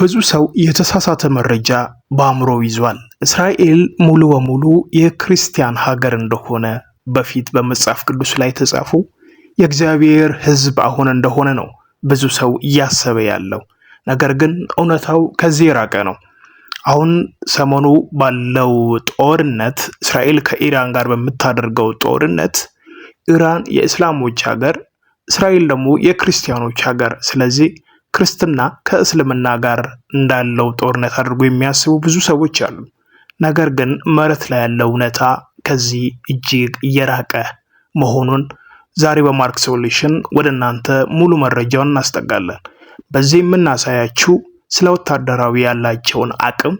ብዙ ሰው የተሳሳተ መረጃ በአእምሮ ይዟል። እስራኤል ሙሉ በሙሉ የክርስቲያን ሀገር እንደሆነ በፊት በመጽሐፍ ቅዱስ ላይ ተጻፉ የእግዚአብሔር ሕዝብ አሁን እንደሆነ ነው ብዙ ሰው እያሰበ ያለው። ነገር ግን እውነታው ከዚህ የራቀ ነው። አሁን ሰሞኑ ባለው ጦርነት እስራኤል ከኢራን ጋር በምታደርገው ጦርነት ኢራን የእስላሞች ሀገር፣ እስራኤል ደግሞ የክርስቲያኖች ሀገር ስለዚህ ክርስትና ከእስልምና ጋር እንዳለው ጦርነት አድርጎ የሚያስቡ ብዙ ሰዎች አሉ። ነገር ግን መሬት ላይ ያለው እውነታ ከዚህ እጅግ እየራቀ መሆኑን ዛሬ በማርክ ሶሉሽን ወደ እናንተ ሙሉ መረጃውን እናስጠጋለን። በዚህ የምናሳያችው ስለ ወታደራዊ ያላቸውን አቅም፣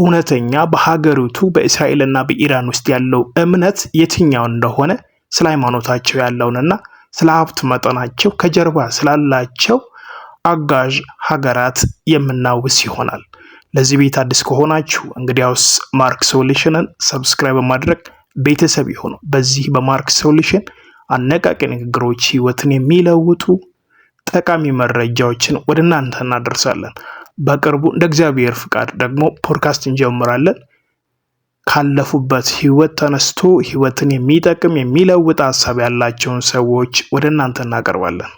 እውነተኛ በሀገሪቱ በእስራኤልና በኢራን ውስጥ ያለው እምነት የትኛው እንደሆነ፣ ስለ ሃይማኖታቸው ያለውንና ስለ ሀብት መጠናቸው ከጀርባ ስላላቸው አጋዥ ሀገራት የምናውስ ይሆናል። ለዚህ ቤት አዲስ ከሆናችሁ እንግዲያውስ ማርክ ሶሉሽንን ሰብስክራይብ በማድረግ ቤተሰብ የሆኑ በዚህ በማርክ ሶሉሽን አነቃቂ ንግግሮች ህይወትን የሚለውጡ ጠቃሚ መረጃዎችን ወደ እናንተ እናደርሳለን። በቅርቡ እንደ እግዚአብሔር ፍቃድ ደግሞ ፖድካስት እንጀምራለን። ካለፉበት ህይወት ተነስቶ ህይወትን የሚጠቅም የሚለውጥ ሀሳብ ያላቸውን ሰዎች ወደ እናንተ እናቀርባለን።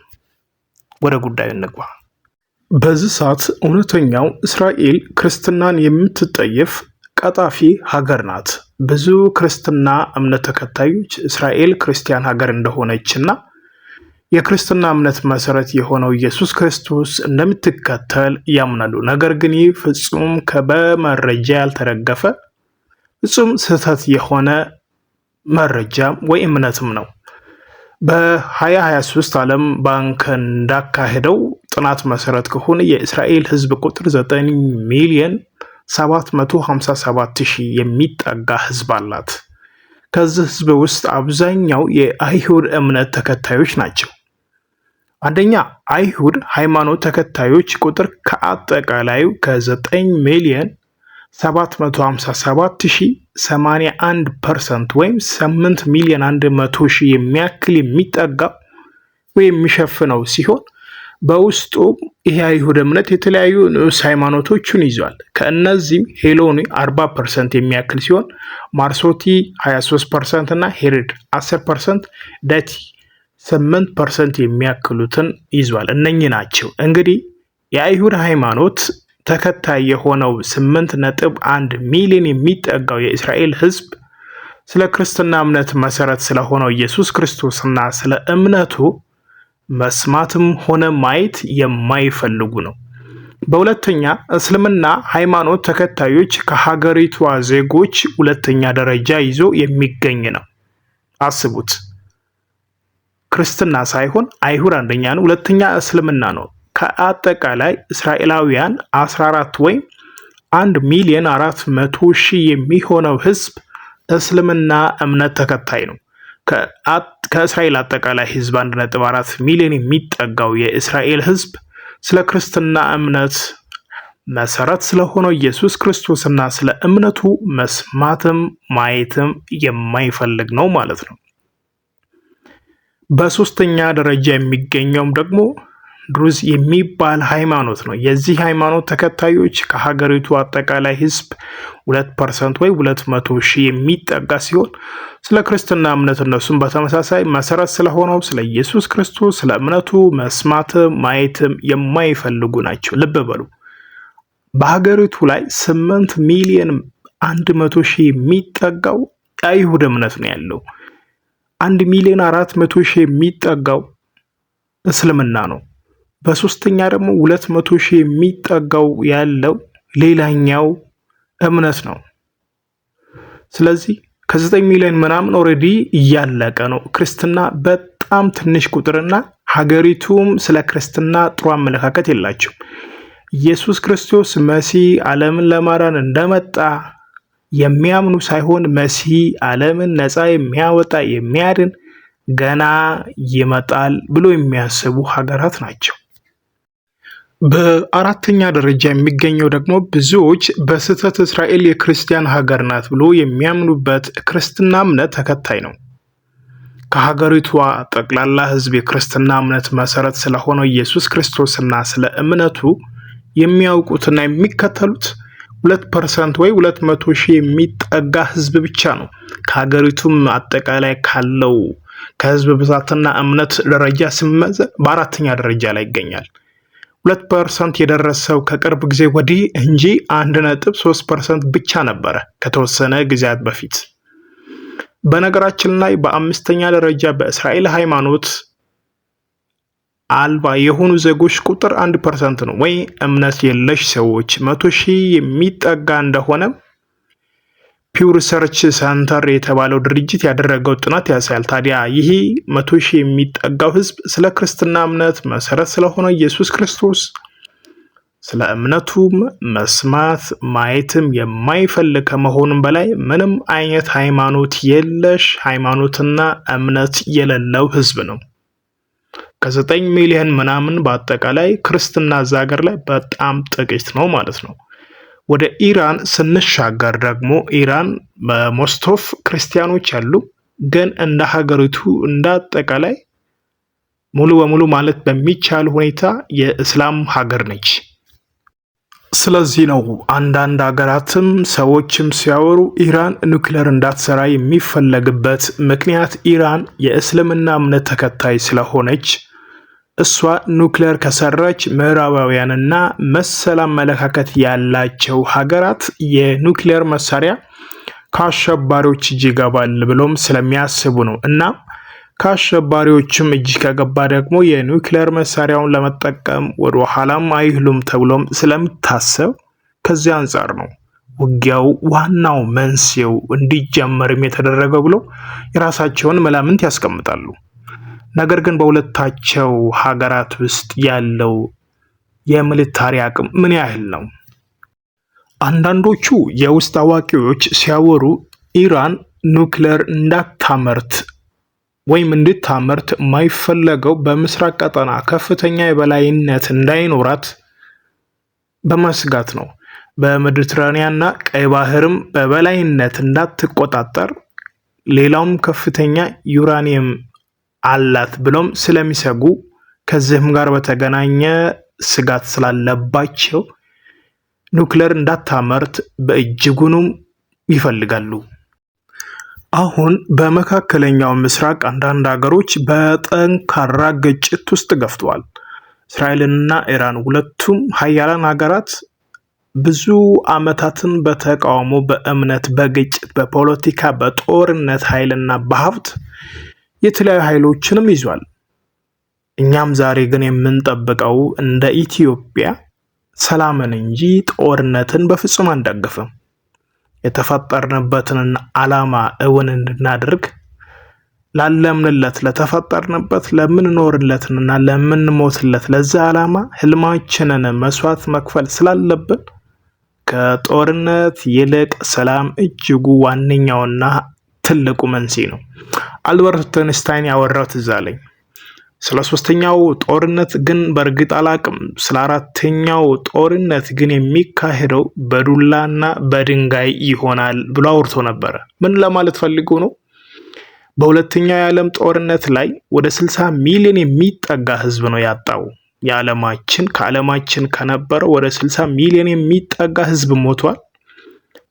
ወደ ጉዳዩ እንግባ። በዚህ ሰዓት እውነተኛው እስራኤል ክርስትናን የምትጠየፍ ቀጣፊ ሀገር ናት። ብዙ ክርስትና እምነት ተከታዮች እስራኤል ክርስቲያን ሀገር እንደሆነችና የክርስትና እምነት መሰረት የሆነው ኢየሱስ ክርስቶስ እንደምትከተል ያምናሉ። ነገር ግን ይህ ፍጹም ከበመረጃ ያልተደገፈ ፍጹም ስህተት የሆነ መረጃም ወይ እምነትም ነው። በ2023 ዓለም ባንክ እንዳካሄደው ጥናት መሰረት ከሆነ የእስራኤል ህዝብ ቁጥር 9 ሚሊዮን 757 ሺህ የሚጠጋ ህዝብ አላት። ከዚህ ህዝብ ውስጥ አብዛኛው የአይሁድ እምነት ተከታዮች ናቸው። አንደኛ አይሁድ ሃይማኖት ተከታዮች ቁጥር ከአጠቃላዩ ከ9 ሚሊዮን 757,081 ፐርሰንት ወይም 8 ሚሊዮን 100 ሺ የሚያክል የሚጠጋ ወይም የሚሸፍነው ሲሆን በውስጡ ይህ አይሁድ እምነት የተለያዩ ንዑስ ሃይማኖቶችን ይዟል። ከእነዚህም ሄሎኒ 40 ፐርሰንት የሚያክል ሲሆን ማርሶቲ 23 ፐርሰንት እና ሄሬድ 10 ፐርሰንት 8 ፐርሰንት የሚያክሉትን ይዟል። እነኚህ ናቸው እንግዲህ የአይሁድ ሃይማኖት ተከታይ የሆነው 8.1 ሚሊዮን የሚጠጋው የእስራኤል ህዝብ ስለ ክርስትና እምነት መሰረት ስለሆነው ኢየሱስ ክርስቶስና ስለ እምነቱ መስማትም ሆነ ማየት የማይፈልጉ ነው። በሁለተኛ እስልምና ሃይማኖት ተከታዮች ከሀገሪቷ ዜጎች ሁለተኛ ደረጃ ይዞ የሚገኝ ነው። አስቡት፣ ክርስትና ሳይሆን አይሁድ አንደኛ ነው፣ ሁለተኛ እስልምና ነው። ከአጠቃላይ እስራኤላውያን 14 ወይም 1 ሚሊዮን 400 ሺህ የሚሆነው ህዝብ እስልምና እምነት ተከታይ ነው። ከእስራኤል አጠቃላይ ህዝብ 1.4 ሚሊዮን የሚጠጋው የእስራኤል ህዝብ ስለ ክርስትና እምነት መሰረት ስለሆነው ኢየሱስ ክርስቶስና ስለ እምነቱ መስማትም ማየትም የማይፈልግ ነው ማለት ነው። በሶስተኛ ደረጃ የሚገኘውም ደግሞ ድሩዝ የሚባል ሃይማኖት ነው። የዚህ ሃይማኖት ተከታዮች ከሀገሪቱ አጠቃላይ ህዝብ ሁለት ፐርሰንት ወይ ሁለት መቶ ሺህ የሚጠጋ ሲሆን ስለ ክርስትና እምነት እነሱም በተመሳሳይ መሰረት ስለሆነው ስለ ኢየሱስ ክርስቶስ ስለ እምነቱ መስማትም ማየትም የማይፈልጉ ናቸው። ልብ በሉ በሀገሪቱ ላይ ስምንት ሚሊዮን አንድ መቶ ሺህ የሚጠጋው የአይሁድ እምነት ነው ያለው። አንድ ሚሊዮን አራት መቶ ሺህ የሚጠጋው እስልምና ነው። በሶስተኛ ደግሞ ሁለት መቶ ሺህ የሚጠጋው ያለው ሌላኛው እምነት ነው። ስለዚህ ከዘጠኝ ሚሊዮን ምናምን ኦልሬዲ እያለቀ ነው። ክርስትና በጣም ትንሽ ቁጥርና ሀገሪቱም ስለ ክርስትና ጥሩ አመለካከት የላቸው። ኢየሱስ ክርስቶስ መሲህ ዓለምን ለማዳን እንደመጣ የሚያምኑ ሳይሆን መሲህ ዓለምን ነፃ የሚያወጣ የሚያድን ገና ይመጣል ብሎ የሚያስቡ ሀገራት ናቸው። በአራተኛ ደረጃ የሚገኘው ደግሞ ብዙዎች በስህተት እስራኤል የክርስቲያን ሀገር ናት ብሎ የሚያምኑበት ክርስትና እምነት ተከታይ ነው። ከሀገሪቷ ጠቅላላ ሕዝብ የክርስትና እምነት መሰረት ስለሆነው ኢየሱስ ክርስቶስና ስለ እምነቱ የሚያውቁትና የሚከተሉት ሁለት ፐርሰንት ወይ ሁለት መቶ ሺህ የሚጠጋ ሕዝብ ብቻ ነው። ከሀገሪቱም አጠቃላይ ካለው ከሕዝብ ብዛትና እምነት ደረጃ ሲመዘን በአራተኛ ደረጃ ላይ ይገኛል። ሁለት ፐርሰንት የደረሰው ከቅርብ ጊዜ ወዲህ እንጂ አንድ ነጥብ ሶስት ፐርሰንት ብቻ ነበረ ከተወሰነ ጊዜያት በፊት። በነገራችን ላይ በአምስተኛ ደረጃ በእስራኤል ሃይማኖት አልባ የሆኑ ዜጎች ቁጥር አንድ ፐርሰንት ነው ወይ እምነት የለሽ ሰዎች መቶ ሺህ የሚጠጋ እንደሆነ ፒውር ሰርች ሰንተር የተባለው ድርጅት ያደረገው ጥናት ያሳያል። ታዲያ ይህ መቶ ሺህ የሚጠጋው ህዝብ ስለ ክርስትና እምነት መሰረት ስለሆነ ኢየሱስ ክርስቶስ ስለ እምነቱም መስማት ማየትም የማይፈልግ ከመሆኑም በላይ ምንም አይነት ሃይማኖት የለሽ ሃይማኖትና እምነት የሌለው ህዝብ ነው። ከዘጠኝ ሚሊዮን ምናምን በአጠቃላይ ክርስትና እዛ ሀገር ላይ በጣም ጥቂት ነው ማለት ነው። ወደ ኢራን ስንሻገር ደግሞ ኢራን በሞስቶፍ ክርስቲያኖች አሉ ግን እንደ ሀገሪቱ እንደ አጠቃላይ ሙሉ በሙሉ ማለት በሚቻል ሁኔታ የእስላም ሀገር ነች። ስለዚህ ነው አንዳንድ ሀገራትም ሰዎችም ሲያወሩ ኢራን ኑክሌር እንዳትሰራ የሚፈለግበት ምክንያት ኢራን የእስልምና እምነት ተከታይ ስለሆነች እሷ ኑክሌር ከሰራች ምዕራባውያንና መሰል አመለካከት ያላቸው ሀገራት የኑክሌር መሳሪያ ከአሸባሪዎች እጅ ይገባል ብሎም ስለሚያስቡ ነው። እና ከአሸባሪዎችም እጅ ከገባ ደግሞ የኑክሌር መሳሪያውን ለመጠቀም ወደ ኋላም አይህሉም ተብሎም ስለሚታሰብ ከዚያ አንጻር ነው ውጊያው ዋናው መንስኤው እንዲጀመርም የተደረገው ብሎ የራሳቸውን መላምንት ያስቀምጣሉ። ነገር ግን በሁለታቸው ሀገራት ውስጥ ያለው የሚሊታሪ አቅም ምን ያህል ነው? አንዳንዶቹ የውስጥ አዋቂዎች ሲያወሩ ኢራን ኑክሌር እንዳታመርት ወይም እንድታመርት የማይፈለገው በምስራቅ ቀጠና ከፍተኛ የበላይነት እንዳይኖራት በመስጋት ነው። በሜዲትራኒያንና ቀይ ባህርም በበላይነት እንዳትቆጣጠር ሌላውም ከፍተኛ ዩራኒየም አላት ብሎም ስለሚሰጉ ከዚህም ጋር በተገናኘ ስጋት ስላለባቸው ኑክሌር እንዳታመርት በእጅጉንም ይፈልጋሉ። አሁን በመካከለኛው ምስራቅ አንዳንድ ሀገሮች በጠንካራ ግጭት ውስጥ ገፍተዋል። እስራኤልና ኢራን ሁለቱም ሀያላን ሀገራት ብዙ ዓመታትን በተቃውሞ፣ በእምነት፣ በግጭት፣ በፖለቲካ፣ በጦርነት ኃይልና በሀብት የተለያዩ ኃይሎችንም ይዟል። እኛም ዛሬ ግን የምንጠብቀው እንደ ኢትዮጵያ ሰላምን እንጂ ጦርነትን በፍጹም አንደግፍም። የተፈጠርንበትን ዓላማ እውን እንድናደርግ ላለምንለት ለተፈጠርንበት ለምንኖርለትንና ለምንሞትለት ለዛ ዓላማ ህልማችንን መስዋዕት መክፈል ስላለብን ከጦርነት ይልቅ ሰላም እጅጉ ዋነኛውና ትልቁ መንስኤ ነው። አልበርት አንስታይን ያወራው ትዝ አለኝ። ስለ ሶስተኛው ጦርነት ግን በእርግጥ አላቅም። ስለ አራተኛው ጦርነት ግን የሚካሄደው በዱላና በድንጋይ ይሆናል ብሎ አውርቶ ነበረ። ምን ለማለት ፈልጎ ነው? በሁለተኛው የዓለም ጦርነት ላይ ወደ 60 ሚሊዮን የሚጠጋ ህዝብ ነው ያጣው። የዓለማችን ከዓለማችን ከነበረው ወደ 60 ሚሊዮን የሚጠጋ ህዝብ ሞቷል።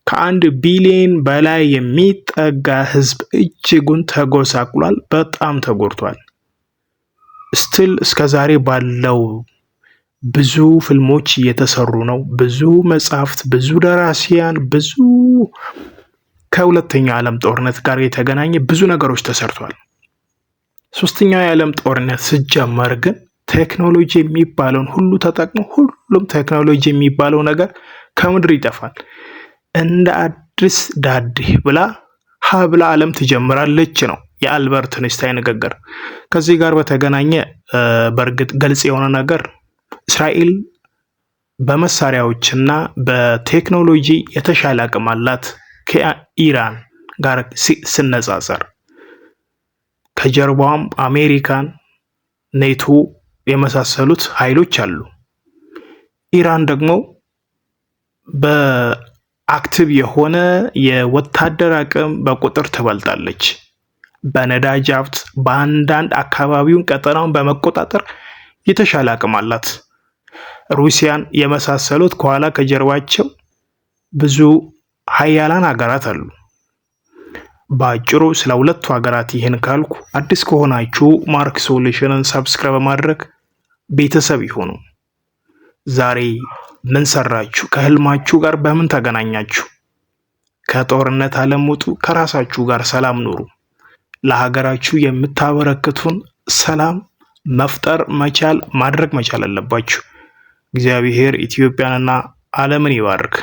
ከአንድ ቢሊዮን በላይ የሚጠጋ ህዝብ እጅጉን ተጎሳቅሏል፣ በጣም ተጎድቷል። ስትል እስከዛሬ ባለው ብዙ ፊልሞች እየተሰሩ ነው። ብዙ መጽሐፍት፣ ብዙ ደራሲያን፣ ብዙ ከሁለተኛው ዓለም ጦርነት ጋር የተገናኘ ብዙ ነገሮች ተሰርቷል። ሶስተኛው የዓለም ጦርነት ሲጀመር ግን ቴክኖሎጂ የሚባለውን ሁሉ ተጠቅሞ ሁሉም ቴክኖሎጂ የሚባለው ነገር ከምድር ይጠፋል። እንደ አዲስ ዳዴ ብላ ሀብላ ዓለም ትጀምራለች ነው የአልበርት ንስታይ ንግግር። ከዚህ ጋር በተገናኘ በእርግጥ ግልጽ የሆነ ነገር እስራኤል በመሳሪያዎችና በቴክኖሎጂ የተሻለ አቅም አላት ከኢራን ጋር ሲነጻጸር። ከጀርባዋም አሜሪካን፣ ኔቶ የመሳሰሉት ኃይሎች አሉ። ኢራን ደግሞ አክቲቭ የሆነ የወታደር አቅም በቁጥር ትበልጣለች። በነዳጅ ሀብት፣ በአንዳንድ አካባቢውን ቀጠናውን በመቆጣጠር የተሻለ አቅም አላት። ሩሲያን የመሳሰሉት ከኋላ ከጀርባቸው ብዙ ሀያላን ሀገራት አሉ። በአጭሩ ስለ ሁለቱ ሀገራት ይህን ካልኩ፣ አዲስ ከሆናችሁ ማርክ ሶሉሽንን ሰብስክራይብ በማድረግ ቤተሰብ ይሁኑ። ዛሬ ምን ሰራችሁ? ከህልማችሁ ጋር በምን ተገናኛችሁ? ከጦርነት ዓለም ውጡ፣ ከራሳችሁ ጋር ሰላም ኑሩ። ለሀገራችሁ የምታበረክቱን ሰላም መፍጠር መቻል ማድረግ መቻል አለባችሁ። እግዚአብሔር ኢትዮጵያንና ዓለምን ይባርክ።